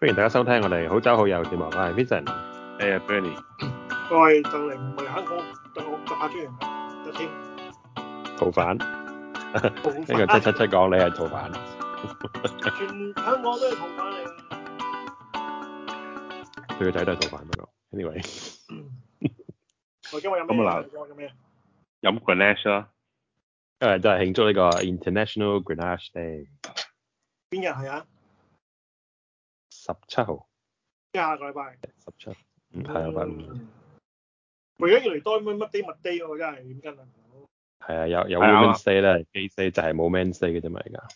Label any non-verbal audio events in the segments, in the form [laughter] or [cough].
歡迎大家收聽我哋好酒好友節目，我係 Vincent，誒啊 Bernie，我係鄧寧，唔係香港，就我打下車，就先。逃犯？聽個七七七講你係逃犯。 [laughs] 全香港都係逃犯嚟。佢個仔都係逃犯，不過，anyway。 [laughs] 今我了今日飲咩？咁啊嗱，飲 Grenache 啦，因為都係慶祝呢個 International Grenache Day。邊日係啊？十七號，下個禮拜。十七，唔係下個禮拜。而家越嚟多咩乜 day 乜 day 喎，真係點跟啊？係啊，有有 women day 啦，gay day 就係冇 men day 嘅啫嘛，而家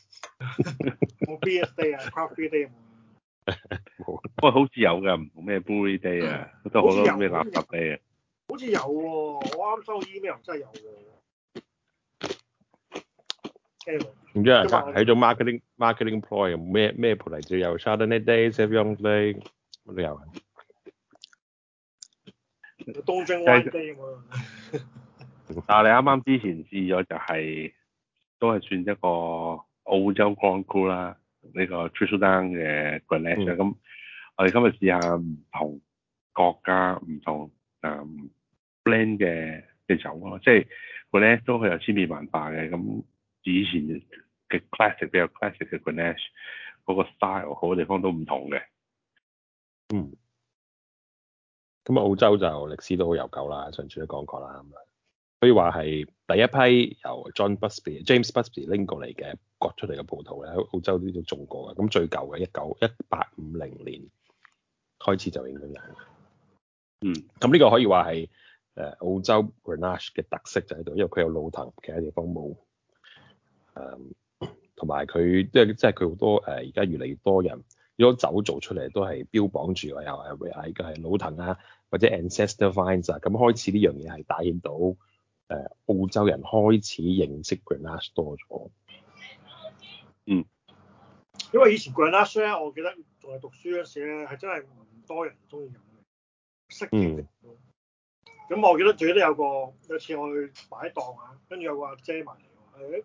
冇 BS day 啊，coffee day 冇。不過，好似有噶，冇咩 bouy day 啊，都好多咩垃圾 day 啊。好似有喎、嗯啊，我啱收到 email 又真係有喎。然之後睇咗 marketing marketing plan，咩咩葡嚟自又 Chardonnay Day，everyday 都有。東京灣機 [laughs] 啊！但係你啱啱之前試咗就係、是、都係算一個澳洲 Grand Cru 啦，呢、這個 Thistledown 嘅 Grenache 咁。嗯、我哋今日試下唔同國家唔同誒 blend 嘅嘅酒咯，即係 Grenache 都係有千變萬化嘅咁。以前嘅 classic 比較 classic 嘅 Grenache 嗰個 style 好多地方都唔同嘅。嗯。咁澳洲就歷史都好悠久啦，上次都講過啦咁樣。可以話係第一批由 John Busby、James Busby 拎過嚟嘅割出嚟嘅葡萄咧，喺澳洲呢度種過嘅。咁最舊嘅一九一八五零年開始就已經有。嗯。咁呢個可以話係誒澳洲 Grenache 嘅特色就喺度，因為佢有老藤，其他地方冇。誒，同埋佢即係即係佢好多誒，而家越嚟越多人果酒做出嚟，都係標榜住又係，又係依個係老藤啊，或者 Ancestor Vine 啊，咁開始呢樣嘢係帶現到誒、呃、澳洲人開始認識 Grenache 多咗。嗯。因為以前 Grenache 咧，我記得仲係讀書嗰時咧，係真係唔多人中意飲嘅，識咁、嗯嗯、我記得最記得有個有次我去擺檔啊，跟住有個阿姐埋嚟喎，是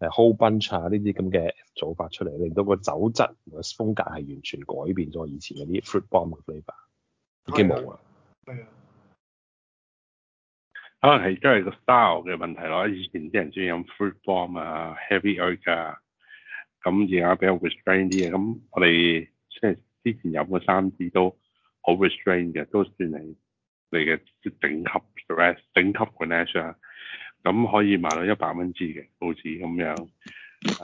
誒 whole bunch 啊呢啲咁嘅做法出嚟，令到個酒質同埋風格係完全改變咗。以前嗰啲 fruit bomb 嘅 flavor 已經冇啦。係啊， [music] 可能係真係個 style 嘅問題咯。以前啲人中意飲 fruit bomb 啊，heavy oak，咁而家比較 restrained 啲嘅。咁我哋即係之前飲過三支都好 restrained 嘅，都算係你嘅頂級 grade，頂級嘅 Grenache。咁可以買到一百蚊支嘅報紙咁樣，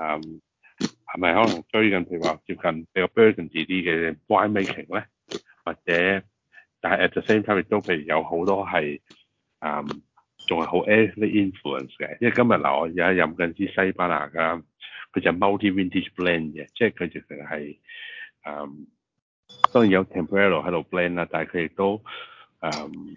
嗯，係咪可能最近，譬如話接近比較 Burgundian 啲嘅 wine making 咧，或者，但係 at the same time 亦都譬如有好多係，嗯、um,，仲係好 early influence 嘅。因為今日嗱，我而家飲緊支西班牙噶，佢就 multi vintage blend 嘅，即係佢直情係，嗯、um,，當然有 tempranillo 喺度 blend 啦，但係佢亦都，嗯、um,。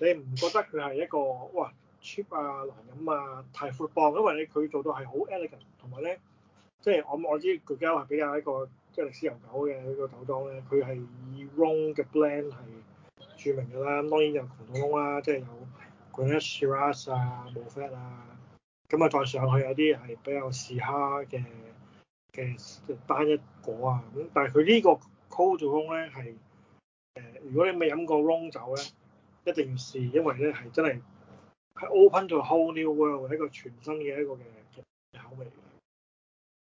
你唔覺得佢係一個哇 cheap 啊難飲啊太闊磅？因為你佢做到係好 elegant，同埋咧即係我我知佢家係比較一個即係歷史悠久嘅一個酒莊咧，佢係以 Rhône 嘅 blend 係著名㗎啦。咁當然就窮到燶啦，即係有 Grenache Shiraz 啊 Mourvèdre 啊，咁啊再上去有啲係比較時下嘅嘅單一果啊。咁但係佢呢個 cold 做工 g 咧係誒，如果你未飲過 Rhône 酒咧。一定係，因為咧係真係係 open to whole new world，一個全新嘅一個嘅嘅口味。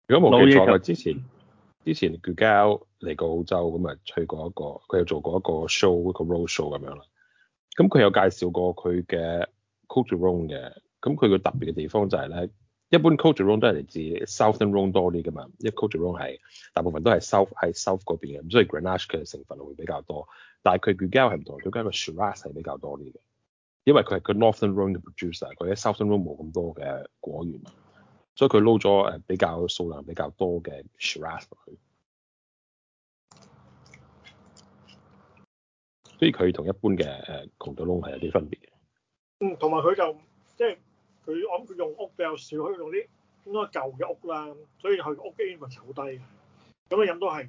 如果冇記錯，之前之前 Guigal 嚟過澳洲，咁啊去過一個，佢有做過一個 show，一個 road show 咁樣啦。咁佢有介紹過佢嘅 Côtes du Rhône 嘅，咁佢個特別嘅地方就係咧，一般 Côtes du Rhône 都係嚟自 Southern Rhone 多啲㗎嘛，因為 Côtes du Rhône 係大部分都係 South 喺 South 嗰邊嘅，所以 Grenache 嘅成分會比較多，但係佢佢加係唔同的，佢加個 Shiraz 係比較多啲嘅，因為佢係佢 Northern Rhone 嘅 producer，佢喺 Southern Rhone 冇咁多嘅果園，所以佢撈咗誒比較數量比較多嘅 Shiraz 落去，所以佢同一般嘅誒 Grenache 係有啲分別的。嗯，同埋佢就即係佢，就是、他我諗佢用屋比較少，佢用啲應該舊嘅屋啦，所以佢屋基咪 n 好低嘅，咁樣飲都係，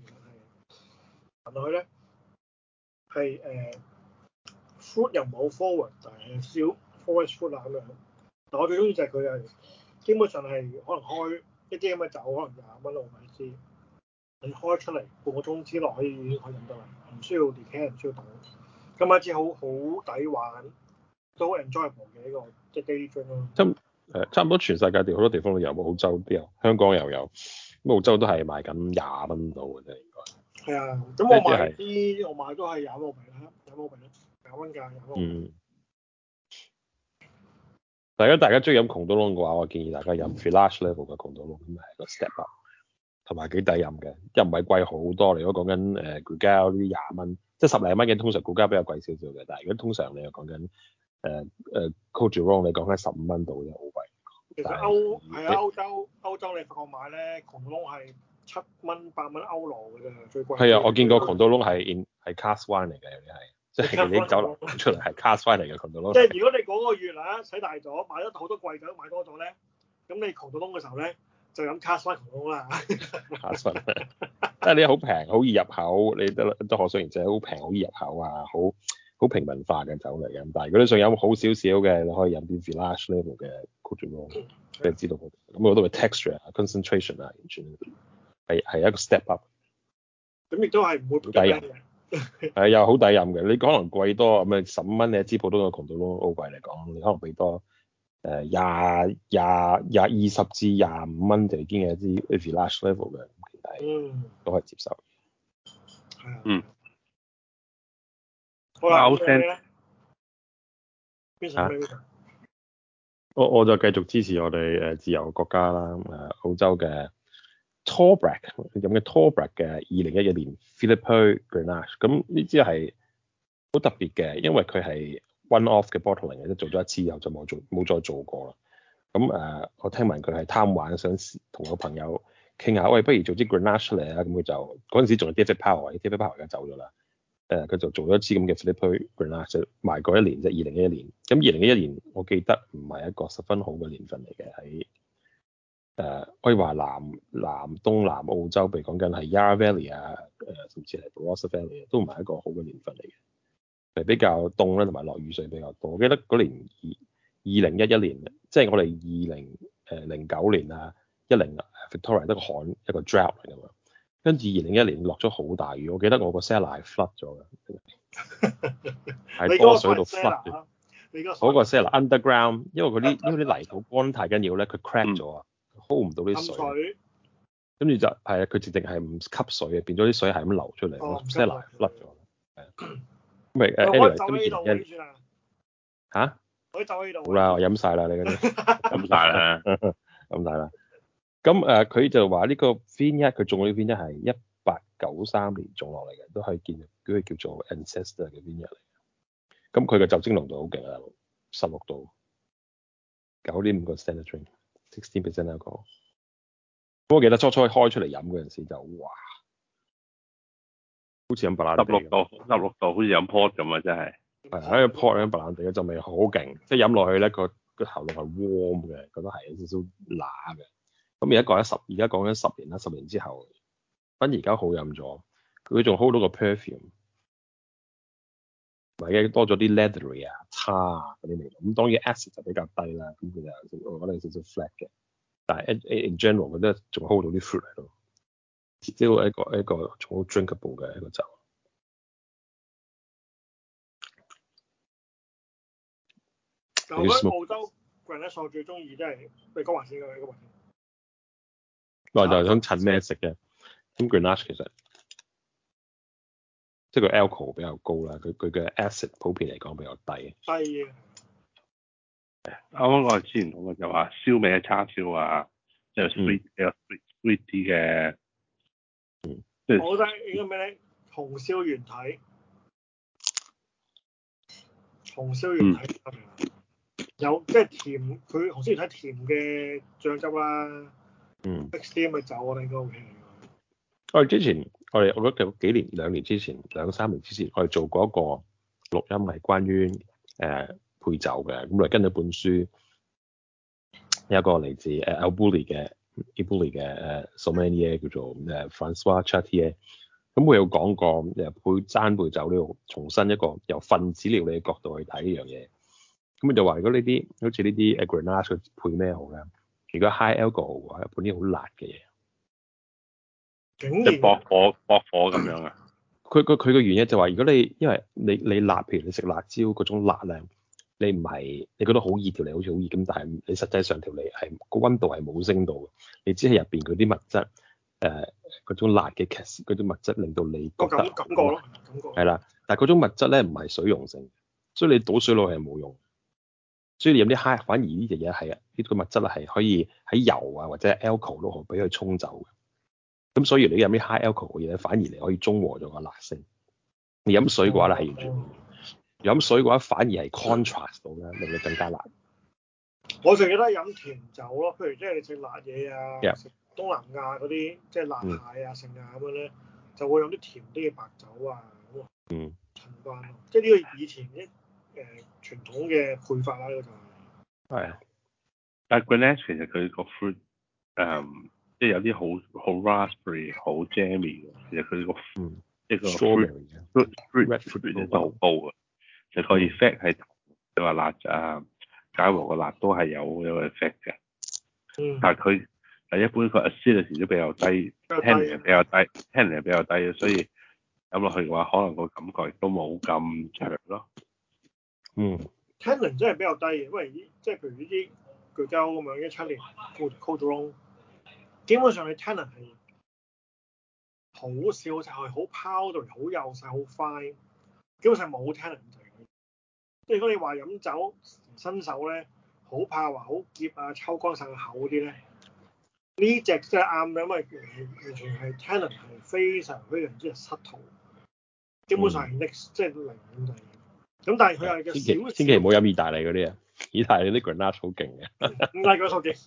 原來佢咧。係誒，food 又唔好 forward，但係少 forward food 啦咁樣。但我最中意就係佢係基本上係可能開一啲咁嘅酒，可能廿蚊到咪先。你開出嚟半個鐘之內可以可以飲得啦，唔需要 decant，唔需要等。咁咪先好好抵玩，都好 enjoyable 嘅呢個即係 day drink 咯。咁係差唔多全世界地好多地方都有，都有，澳洲都有，香港又有。澳洲都係賣緊廿蚊到嘅啫。係啊，咁我買啲、就是、我買都係廿蚊個瓶，廿蚊個瓶，廿蚊價廿蚊。嗯。大家大家中意飲窮到燶嘅話，我建議大家飲 Flash level 嘅窮到燶，咁係、嗯、個 step up，同埋幾抵飲嘅，一唔係貴好多，你如果講緊誒 g u 呢啲廿蚊，即係十零蚊嘅，通常 g u 比較貴少少嘅。但係如果通常你又講緊誒誒 Cotillon，你講緊十五蚊到嘅，好貴。其實歐係但歐洲，歐洲你購買咧窮到燶係。七蚊、八蚊歐羅㗎最貴。係啊，我見過狂到窿係 in 係 Cast w n e 嚟嘅。有啲係即係啲酒樓出嚟係 Cast w n e 嚟嘅狂到窿。即係 [laughs] 如果你嗰個月啊使大咗，買咗好多貴酒買多咗咧，咁你狂到窿嘅時候咧，就飲 Cast 到窿啦嚇。Cast w i 但係你好平，好易入口，你得都可上就整。好平，好易入口啊，好好平民化嘅酒嚟嘅。但係果你仲有好少少嘅，你可以飲啲 f l a s h level 嘅 c o t i l l 你先知道咁嗰度嘅 texture 啊，concentration 啊，的 ual, 完全。係係一個 step up，咁亦都係唔會抵任。人、 [laughs] 啊。係又好抵任嘅，你可能貴多咪十蚊一支普通嘅窮到燶 O 位嚟講，你可能俾多誒廿廿廿二十至廿五蚊就已經係一支 if y large level 嘅，咁其實都係接受。係啊。嗯。我話 Osen，我我就繼續支持我哋誒自由國家啦，誒、啊、澳洲嘅。Torbreck 咁嘅 Torbreck 嘅二零一一年 Philippe Grenache，咁呢支係好特別嘅，因為佢係 one-off 嘅 bottling，即做咗一次後就冇做冇再做過啦。咁誒、呃，我聽聞佢係貪玩想同個朋友傾下，喂，不如做啲 Grenache 嚟啊！咁佢就嗰陣時仲有 David Power，David Power 而家走咗啦。誒、呃，佢就做咗一次咁嘅 Philippe Grenache，就賣過一年啫，二零一一年。咁二零一一年我記得唔係一個十分好嘅年份嚟嘅喺。誒、呃，可以說南南東南澳洲被講緊係 Yarra Valley 啊，誒、呃，甚至係 Barossa Valley 啊，都唔係一個好嘅年份嚟嘅，比較凍啦同埋落雨水比較多。我記得嗰年二二零一一年，即、就、係、是、我哋二零誒零九年啊，一零 Victoria 得個旱一個 drought 嚟噶嘛，跟住二零一年落咗好大雨，我記得我個 cellar 係 flood 咗嘅，係多水度 flood 嗰個 cellar underground，因為嗰啲 [laughs] 因為啲泥土乾太緊要咧，佢 crack 咗啊。嗯 hold 唔到啲水，跟住就係啊，佢直直係唔吸水啊，變咗啲水係咁流出嚟，stander 甩咗啦。係，咪 anyway， [laughs] 我走呢度，嚇？我走呢度。好、呃、啦，我飲晒啦，你嗰啲飲晒啦，飲晒啦。咁誒，佢就話呢個 vine 一，佢種嗰啲 v 一係一八九三年種落嚟嘅，都係見嗰個叫做 ancestor 嘅 vine 一嚟。咁佢嘅酒精濃度好勁啊，十六度，九點五個 standard drink 十六 percent 一個，咁我記得初初開出嚟飲嗰陣時就哇，好似飲白蘭地，十六度，十六度好似飲 port 咁啊！真係係喺個 port 飲白蘭地嘅浸味好勁，即係飲落去咧個個喉嚨係 warm 嘅，覺得係有少少辣嘅。咁而家講緊十，而家講緊十年啦，十年之後，反而而家好飲咗，佢仲 hold 到個 perfume。或者多咗啲 leathery 啊、茶啊嗰啲味道，咁當然 acid 就比較低啦，咁佢就可能少少 flat 嘅，但係一 in general，佢都仲 hold 到啲 fruit 喺度 still 一個一個仲好 drinkable 嘅一個酒。你覺得澳洲人咧，最最中意即係咩？光環四個一個雲。咪、啊、就係想襯咩食嘅？飲 Grenache [music] 其實。即係個 alcohol 比較高啦，佢佢嘅 acid 普遍嚟講比較低。低啊的！啱啱我係之前我咪就話，燒味嘅叉燒啊，即係 sweet sweet sweet 啲嘅。嗯。即係。嗯就是、我覺得應該咩咧？紅燒元蹄，紅燒元蹄、嗯、有即係、就是、甜，佢紅燒元蹄甜嘅醬汁啦、啊。嗯。X D 咪走啊！你應該會。我哋之前，我哋我覺得幾年、兩年之前、兩三年之前，我哋做過一個錄音，係關於誒、呃、配酒嘅。咁嚟跟咗本書，有一個嚟自誒 El Bulli 嘅 El Bulli 嘅誒 Sommelier 嘅叫做誒 François Chartier 咁我有講過誒、呃、配餐配酒呢度重新一個由分子料理嘅角度去睇呢樣嘢。咁就話如果 ash, 呢啲好似呢啲 Grenache 配咩好咧？如果 High Alcohol 嘅話，有本啲好辣嘅嘢。即博火博火咁樣啊？佢佢佢嘅原因就話，如果你因為你你辣，譬如你食辣椒嗰種辣咧，你唔係你覺得熱好熱條脷好似好熱咁，但係你實際上條脷係個溫度係冇升到嘅，你只係入邊嗰啲物質誒嗰種辣嘅劇嗰啲物質令到你覺得感覺係啦。但係嗰種物質咧唔係水溶性，所以你倒水落去係冇用。所以你飲啲蝦反而呢隻嘢係啊，呢個物質啊係可以喺油啊或者 alcohol 俾佢沖走嘅。咁所以你飲啲 high alcohol 嘅嘢咧，反而你可以中和咗個辣性。你飲水嘅話咧係完全，飲、嗯嗯、水嘅話反而係 contrast 到咧，令你更加辣。我成日都飲甜酒咯，譬如即係你食辣嘢啊，食 Yep. 東南亞嗰啲即係辣蟹啊、剩啊咁樣咧，就會飲啲甜啲嘅白酒啊嗯。即係呢個以前一誒、呃、傳統嘅配法啦、啊，呢、這個就係、是。係。但係 Grenache 咧，其實佢個 fruit 即係有啲好好 raspberry，好 jammy 㗎。其實佢、呢個即係、嗯、個 fruit，fruit，fruit 咧都好高嘅，即係可以 fat 係，你話辣啊，芥末個辣都係有有 fat 嘅。但係佢但一般個 acidity 咧都比較低，tannin 比較低，tannin 比較低，所以飲落去嘅話，可能個感覺亦都冇咁長咯。嗯 tannin 真係比較低嘅，因為啲即係譬如啲巨膠咁樣啲 tannin。i c o r d s 基本上你 Tannin 係好少，就係好 powder，好幼細，好 fine，基本上冇 Tannin 嘅。即係如果你話飲酒新手咧，好怕話好澀啊、抽乾曬個口嗰啲咧，呢隻真係啱嘅，因為完全係 Tannin 係非常非常之失調，基本上 next、嗯、即係零咁滯，但係佢係嘅少，千祈唔好飲意大利嗰啲啊，意大利啲 Grenache 好勁嘅，唔係佢多數嘅。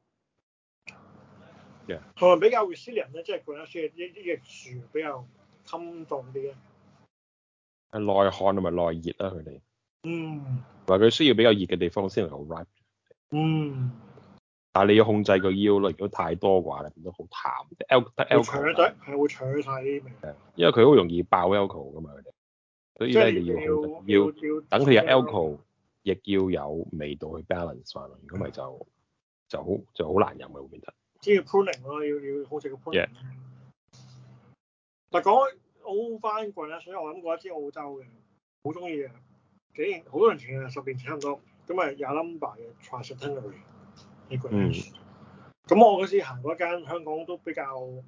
同埋比較 resilient 咧，即係講得輸一一隻樹比較襟重啲咧。係耐旱同埋耐熱啦、啊，佢哋。嗯。同埋佢需要比較熱嘅地方先能夠 ripe 嗯。但係你要控制個 yield 咯，如果太多嘅話，咧變得好淡。alcohol 嘅話，係會搶曬啲味。因為佢好容易爆 alcohol 噶嘛，佢哋。所以咧，你要要要，要，要等佢有 alcohol，亦要有味道去 balance 翻咯。如果唔係就就好就好難飲嘅，會變得。知要 pruning 咯，要要好食個 pruning。嗱，講開 old vine Grenache 咧，所以我諗過一支澳洲嘅，好中意嘅。竟然好多人請嘅，十年前差唔多。咁啊，Yalumba 嘅 Tri-Centenary 嘅 Grenache。咁我嗰時行過一間香港都比較，我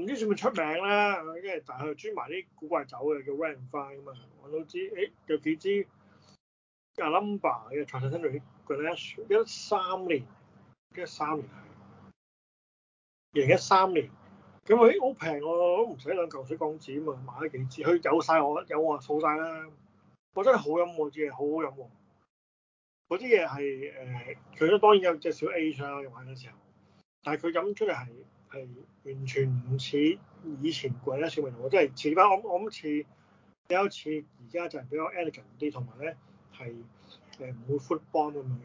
唔知算唔算出名啦，因為但係佢專賣啲古怪酒嘅，叫 Winefly 咁嘛。我都知。誒、欸，有幾支 Yalumba 嘅 Tri-Centenary 嘅 Grenache，一三年。一三年，二零一三年，咁誒好平喎，都唔使兩嚿水港紙啊嘛，買咗幾支，佢有晒我，有我數晒啦。我真係好飲嗰支嘢，好好飲喎、啊。嗰啲嘢係誒，佢、呃、都當然有隻小 age 啦，入嘅時候。但係佢飲出嚟係係完全唔似以前貴一少少。我真係似翻我我咁似比較似、e、而家就比較 elegant 啲，同埋咧係誒唔會 fruit bomb 咁樣嘅，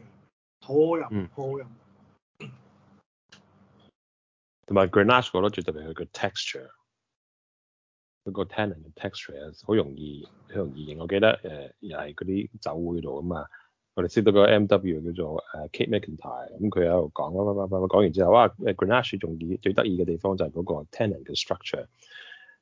好好飲，好好飲。同埋 Grenache 個咯，最特別係佢個 texture，佢個 tannin 嘅 texture 好容易好容易認。我記得誒又係嗰啲酒會度咁啊，我哋識到個 M W 叫做誒 Kate McIntyre，咁、嗯、佢喺度講，講，講，講，完之後，哇！Grenache 仲意最得意嘅地方就係嗰個 tannin 嘅 structure，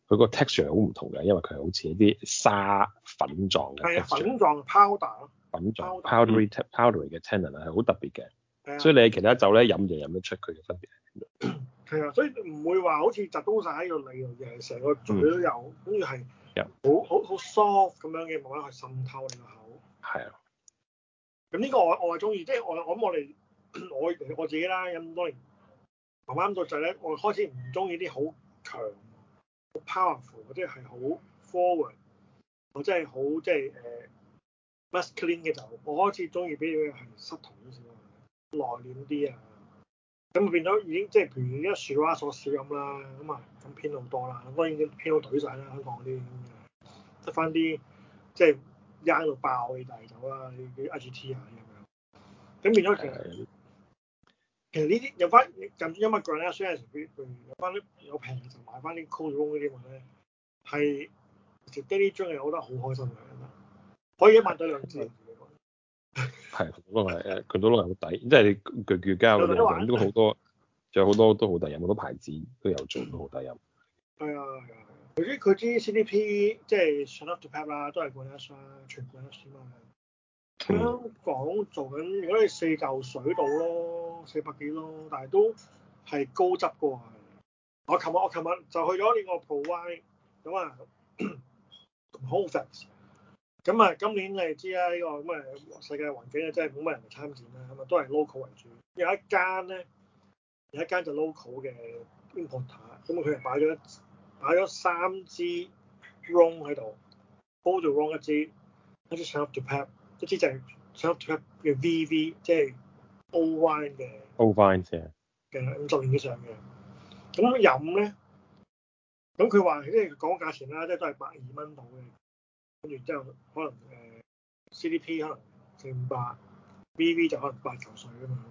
佢個 texture 係好唔同嘅，因為佢好似一啲沙粉狀嘅，粉狀 powder，粉狀 powdery t powdery 嘅 tannin 係好特別嘅，的所以你喺其他酒咧飲嘢飲得出佢嘅分別。 [coughs] 係啊，所以唔會話好似集中晒喺個脷度，而係成個嘴都有、嗯，跟住係好好好 soft 咁樣嘅慢慢，去滲透你個口。係啊。咁呢個我我係中意，即係我我諗我哋我我自己啦，有咁多年慢慢到滯咧，我開始唔中意啲好強、好 powerful 或者係好 forward，我真係好即係誒 masculine 嘅就是呃，我開始中意啲嘅係濕統少少、內斂啲啊。咁變咗已經即係而家樹蛙所說咁啦，咁啊咁偏好多啦，當然已經偏到懟晒啦，香港啲得翻啲即係一喺度爆嘅大頭啦，啲 H T 啊咁樣，咁變咗其實其實呢啲有翻近啲一蚊 ground 有翻啲有平就買翻啲 cold room 嗰啲物咧，係食低呢張嘅，又覺得好開心嘅，可以買多兩支。係，都佢都係好抵，即係你佢佢交嘅用品都好多，仲玩有好多都好抵，有好多牌子都有做得好抵任。係啊係啊，佢知佢知 C D P，即係 Châteauneuf-du-Pape 啦，都係冠一雙全冠一雙啊。嗯、香港做緊，如果你四嚿水到咯，四百幾咯，但係都係高質過。我琴日我琴日就去咗呢個 Pro Y，有個好咁啊，今年你知啦，呢個咁嘅世界環境咧，真係冇乜人嚟參展啦，咁啊都係 local 為主有。有一間咧，有一間就 local 嘅 importer，咁佢啊擺咗擺咗三支 Rhône 喺度，高調 Rhône 一支，一支 Châteauneuf-du-Pape，一支就 Châteauneuf-du-Pape 嘅 VV，即係 Old Vine 嘅。Old Vine 嘅，五十、yeah. 年以上嘅。咁飲咧，咁佢話，即係講價錢啦，即係都係百二蚊到嘅。跟住之後，可能誒 CDP 可能四五百 b v 就可能八頭水啊嘛。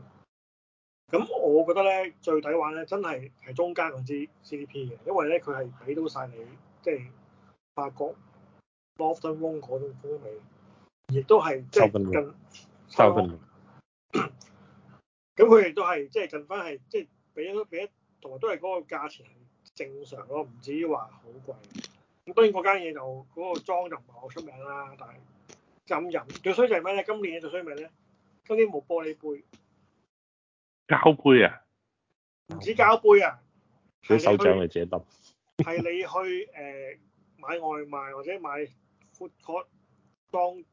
咁我覺得咧，最抵玩咧，真係係中間嗰支 CDP 嘅，因為咧佢係俾到晒你，即係法國。Northern Rhone 嗰種風味亦都係即係近。收緊。咁佢亦都係即係近翻係，即係俾咗俾一同埋都係嗰個價錢係正常咯，唔至於話好貴。咁當然嗰間嘢就嗰個裝就唔係好出名啦，但係浸飲最衰就係咩咧？今年嘅最衰咪咧，今年冇玻璃杯，膠杯啊？唔止膠杯啊，杯啊你，你手掌嘅自己抌？係 [laughs] 你去誒、呃、買外賣或者買 food court 裝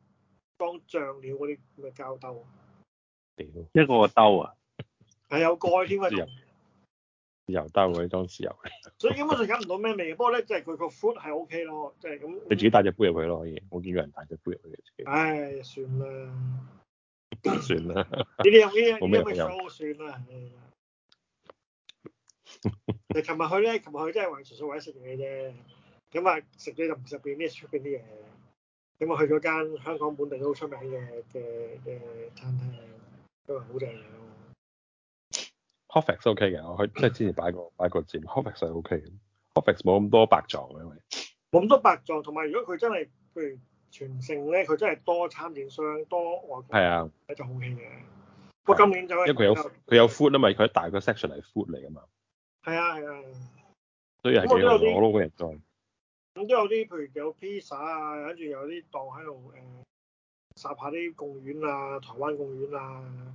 裝醬料嗰啲咩膠兜？屌一個個兜啊？係 [laughs] 有蓋添啊！ [laughs] 油，得我哋裝豉油嚟。所以根本就飲唔到咩味，不過咧，即係佢個 food 係 OK 咯，即係咁。你自己帶隻杯入去咯，可以。我見過人帶隻杯入去嘅。唉，算啦，算啦。你哋用呢？你用咩油？算啦。你琴日去咧，琴日去真係純粹為食嘢啫。咁啊，食啲就唔食邊啲出邊啲嘢。咁啊，去咗間香港本地都好出名嘅嘅嘅餐廳，都係好正嘢。Hotfix 都 OK 嘅，我去即係之前擺個擺個展，Hotfix 係 OK 嘅。Hotfix 冇咁多白撞嘅，因為冇咁多白撞，同埋如果佢真係譬如全城咧，佢真係多參展商多外，係啊，就好興嘅。不過、啊、今年就係、因為佢有佢後有 food 啊嘛，佢一大個 section 係 food 嚟㗎嘛。係啊係啊，啊所以係幾多攞咯嘅多。咁都、嗯、有啲譬如有披薩啊，跟住有啲檔喺度誒，集、呃、下啲公園啊，台灣公園啊。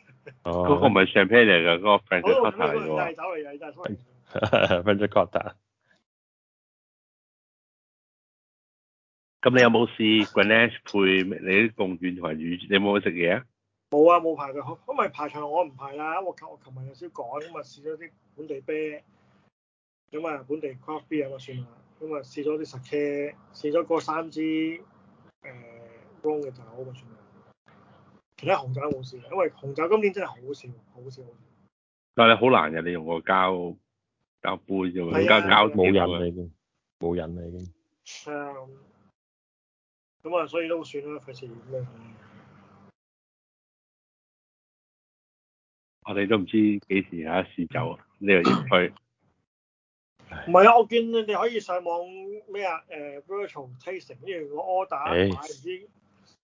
Oh, 哦，嗰個唔係 champagne 嚟㗎，嗰個 French Cote 啲喎，哦。French Cote 咁你有冇試 Grenache 配你啲紅酒同埋魚？你有冇食嘢啊？冇啊，冇排㗎。咁咪排場我排，我唔排啦。我琴我琴日有少少趕，咁啊試咗啲本地啤，咁啊本地 Coffee 咁啊算啦。咁啊試咗啲十 K，試咗個三支誒 Rhone 啊，我、呃、好算。其他紅酒都冇事，因為紅酒今年真係好少，好少。但係好難人哋用個膠膠杯啫喎，膠膠冇人啦，冇人啦已經人。咁啊、嗯，所以都算啦，費事咩我哋都唔知幾時啊試酒，啊、呢個。呢又要去？唔係啊，我見你哋可以上網咩啊？誒、uh,，virtual tasting，跟住 order Hey.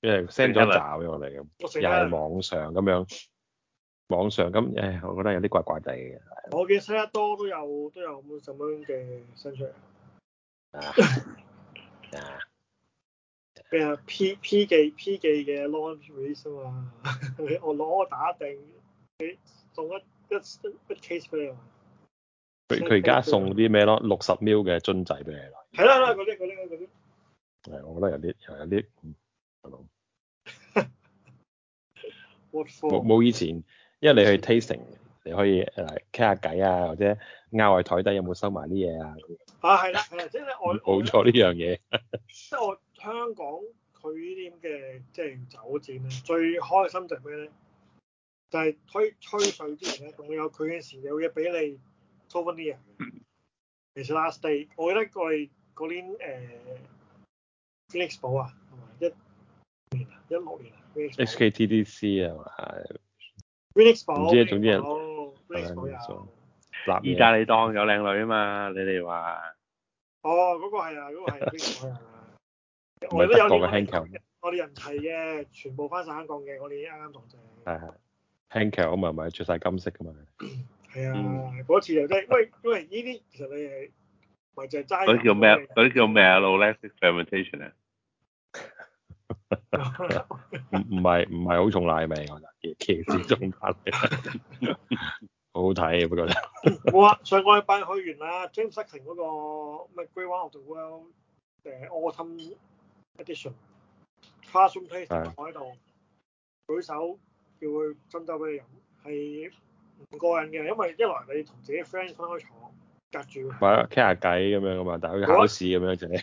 因為 send 咗一紮俾我哋，我又係網上咁樣，網上咁，唉，我覺得有啲怪怪地嘅。我嘅 send 得多都有都有咁樣嘅 send 出嚟。啊啊，咩啊？P P 記 P 記嘅 launch 啊嘛，我攞個打定，佢送一一一,一 case 俾你。佢佢而家送啲咩咯？六十 ml 嘅樽仔俾你攞。係啦，嗰啲嗰啲嗰啲。係，我覺得有啲又有啲冇 [laughs] What for? 以前，因為你去 tasting，你可以誒傾下偈啊，或者拗喺台底有冇收埋啲嘢啊？啊，係啦，即係、就是、我冇錯呢樣嘢。即係我， [laughs] 我香港佢呢啲咁嘅即係酒展咧，最開心就係咩咧？就係、是、推吹，吹水之前咧，仲有佢嘅時有嘢俾你抽翻啲嘢。其實 last day，我覺得嗰嗰年誒 Phenix 堡啊。HKTDC 啊，係。唔知啊，總之嗱。意大利檔有靚女啊嘛，你哋話？哦，嗰個係啊，嗰個係邊個啊？我哋都有呢個。我哋人提嘅，全部翻曬香港嘅，我哋啱啱講就係。係係，輕裘啊嘛，唔係著曬金色嘅嘛。係啊，嗰次又真，喂。因為因為呢啲其實你係，咪就係齋。嗰啲叫咩？嗰啲叫咩 experimentation 啊？唔，唔係唔係好重奶味，我得騎騎士重打嚟，好好睇嘅，不過我上個禮拜去完啦，James Caring，嗰個咩 Great One of the World 誒 Autumn Edition Carson Place 我喺度舉手叫佢斟酒俾你飲，係唔過癮嘅，因為一來你同自己 friend 分開坐。隔住，咪傾下偈咁樣噶嘛，但係好似考試咁樣啫。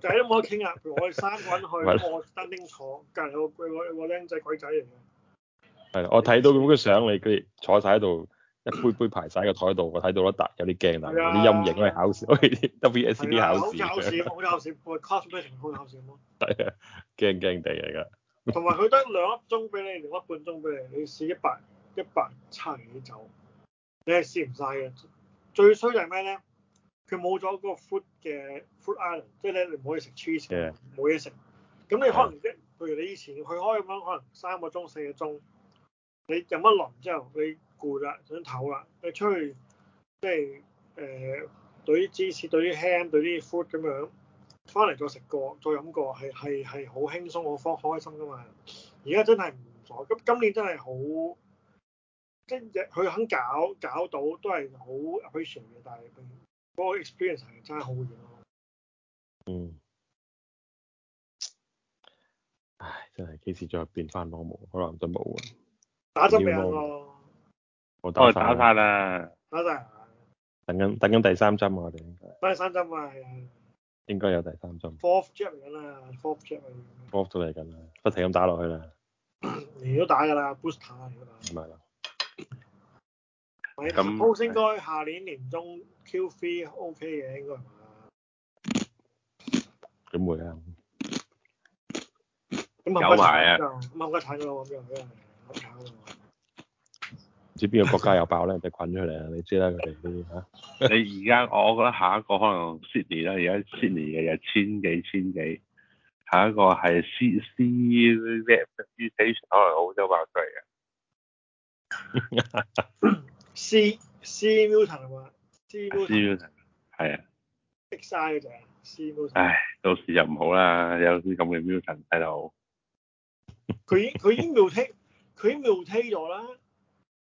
偈都冇得傾啊！我哋三個人去，我單丁坐，隔籬有個有個僆仔鬼仔嚟嘅。係，我睇到咁嘅相，你佢坐晒喺度，一杯杯排晒喺個台度，我睇到咧，但有啲驚，但有啲陰影，因為考試，好似 WSB 考試。考試考試，佢係 Class 考係啊，驚驚地嚟噶。同埋佢得兩粒鐘俾你，兩粒半鐘俾你，你試一百一百差嘢走，你係試唔晒嘅。最衰就係咩咧？佢冇咗嗰個 food 嘅 food island，即係咧，你唔可以食 cheese，冇嘢食。咁 Yeah. 你可能即 Yeah. 譬如你以前去開咁樣，可能三個鐘四個鐘，你飲一輪之後你攰啦，想唞啦，你出去即係誒對啲芝士，對啲 ham，對啲 food 咁樣，翻嚟再食過，再飲過，係係係，好輕鬆，好方開心噶嘛。而家真係唔錯，咁今年真係好。即係佢肯搞，搞到都係好 o 嘅，但係嗰個 experience 係差好遠咯。嗯。唉，真係幾時再變翻 normal，可能真冇啊！打針咪係咯。我打曬啦。我打晒。等緊，等緊第三針啊！我哋應該。等緊三針啊！係啊。應該有第三針。Fourth jump 嚟緊啦，Fourth jump 去。Fourth, fourth, fourth, fourth 都嚟緊啦，不停咁打落去啦。你都打㗎啦，booster 啦。Bo 咁 p o s 下年年中 Q3 OK 嘅應該係嘛？咁會啊，咁冇乜賺啊，咁冇乜賺咁樣，因為好唔知邊個國家有爆呢隻菌出嚟啊？你知啦，佢哋啲嚇。你而家我覺得下一個可能 Sydney 啦，而家 Sydney 嘅有千幾千幾，下一個係 C C e 可能澳洲話句嘅。C C mutation 啊，C mutation 係啊，逼曬嗰隻啊，C mutation 唉，到時就唔好啦，有啲咁嘅 mutation 喺度。佢已佢已經 mutate 佢已經 mutate 咗啦。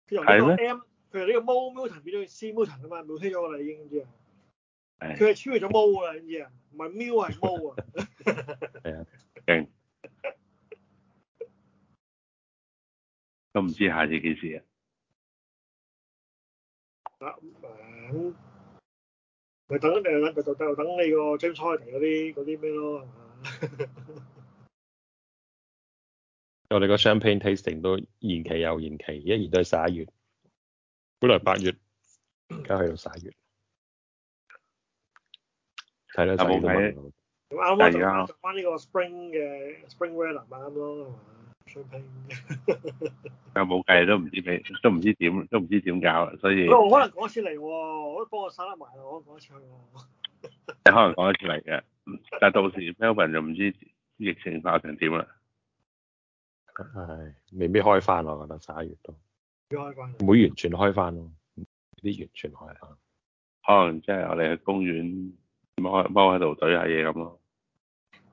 佢由呢個 M，譬如呢個毛 mutation 變咗 C mutation 啊嘛，mutate 咗啦已經知啊。佢係超越咗毛噶啦，已經知啊，唔係 mut 係毛啊。係啊，勁。都唔知下次幾時啊？啊咁，咪等你，就等就，等就等你個 James Corden 嗰啲嗰啲咩咯。嗯、我哋個 Champagne Tasting 都延期又延期，一家都係十一月。本來八月，而家去到十一月。睇 [coughs] 啦，嗯、剛剛就冇睇。咁啱啱就翻呢個 Spring 嘅、嗯、spring, spring Wear 嚟啱咯，嗯嗯最又冇計都不，都唔知你，都唔知點，都唔知點搞，所以，不可能講次嚟喎，我都幫我手甩埋啦，我都次去你 [laughs] 可能講一次嚟嘅，但係到時 Melbourne 又唔知疫情化成點啦。係，哎，未必開翻我覺得，十一月都，會開翻，會完全開翻咯，啲完全開翻，開可能即係我哋喺公園踎喺踎喺度隊下嘢咁咯。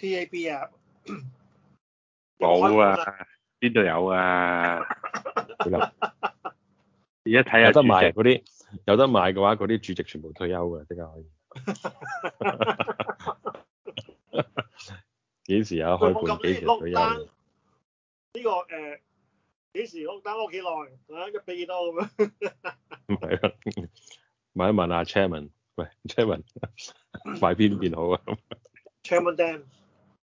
T A B 啊，冇啊，邊度有啊？而家睇下得嗰啲有得買嘅 [laughs] 話，嗰啲主席全部退休嘅，即刻可以。幾 [laughs] [laughs] 時有開盤？幾時退休？呢個誒幾時落等我幾耐啊？一倍幾多咁樣？唔係啊，問一問阿、啊、Chairman，喂 Chairman，買邊邊好啊？Chairman，Dan。 [laughs] Chairman Dan.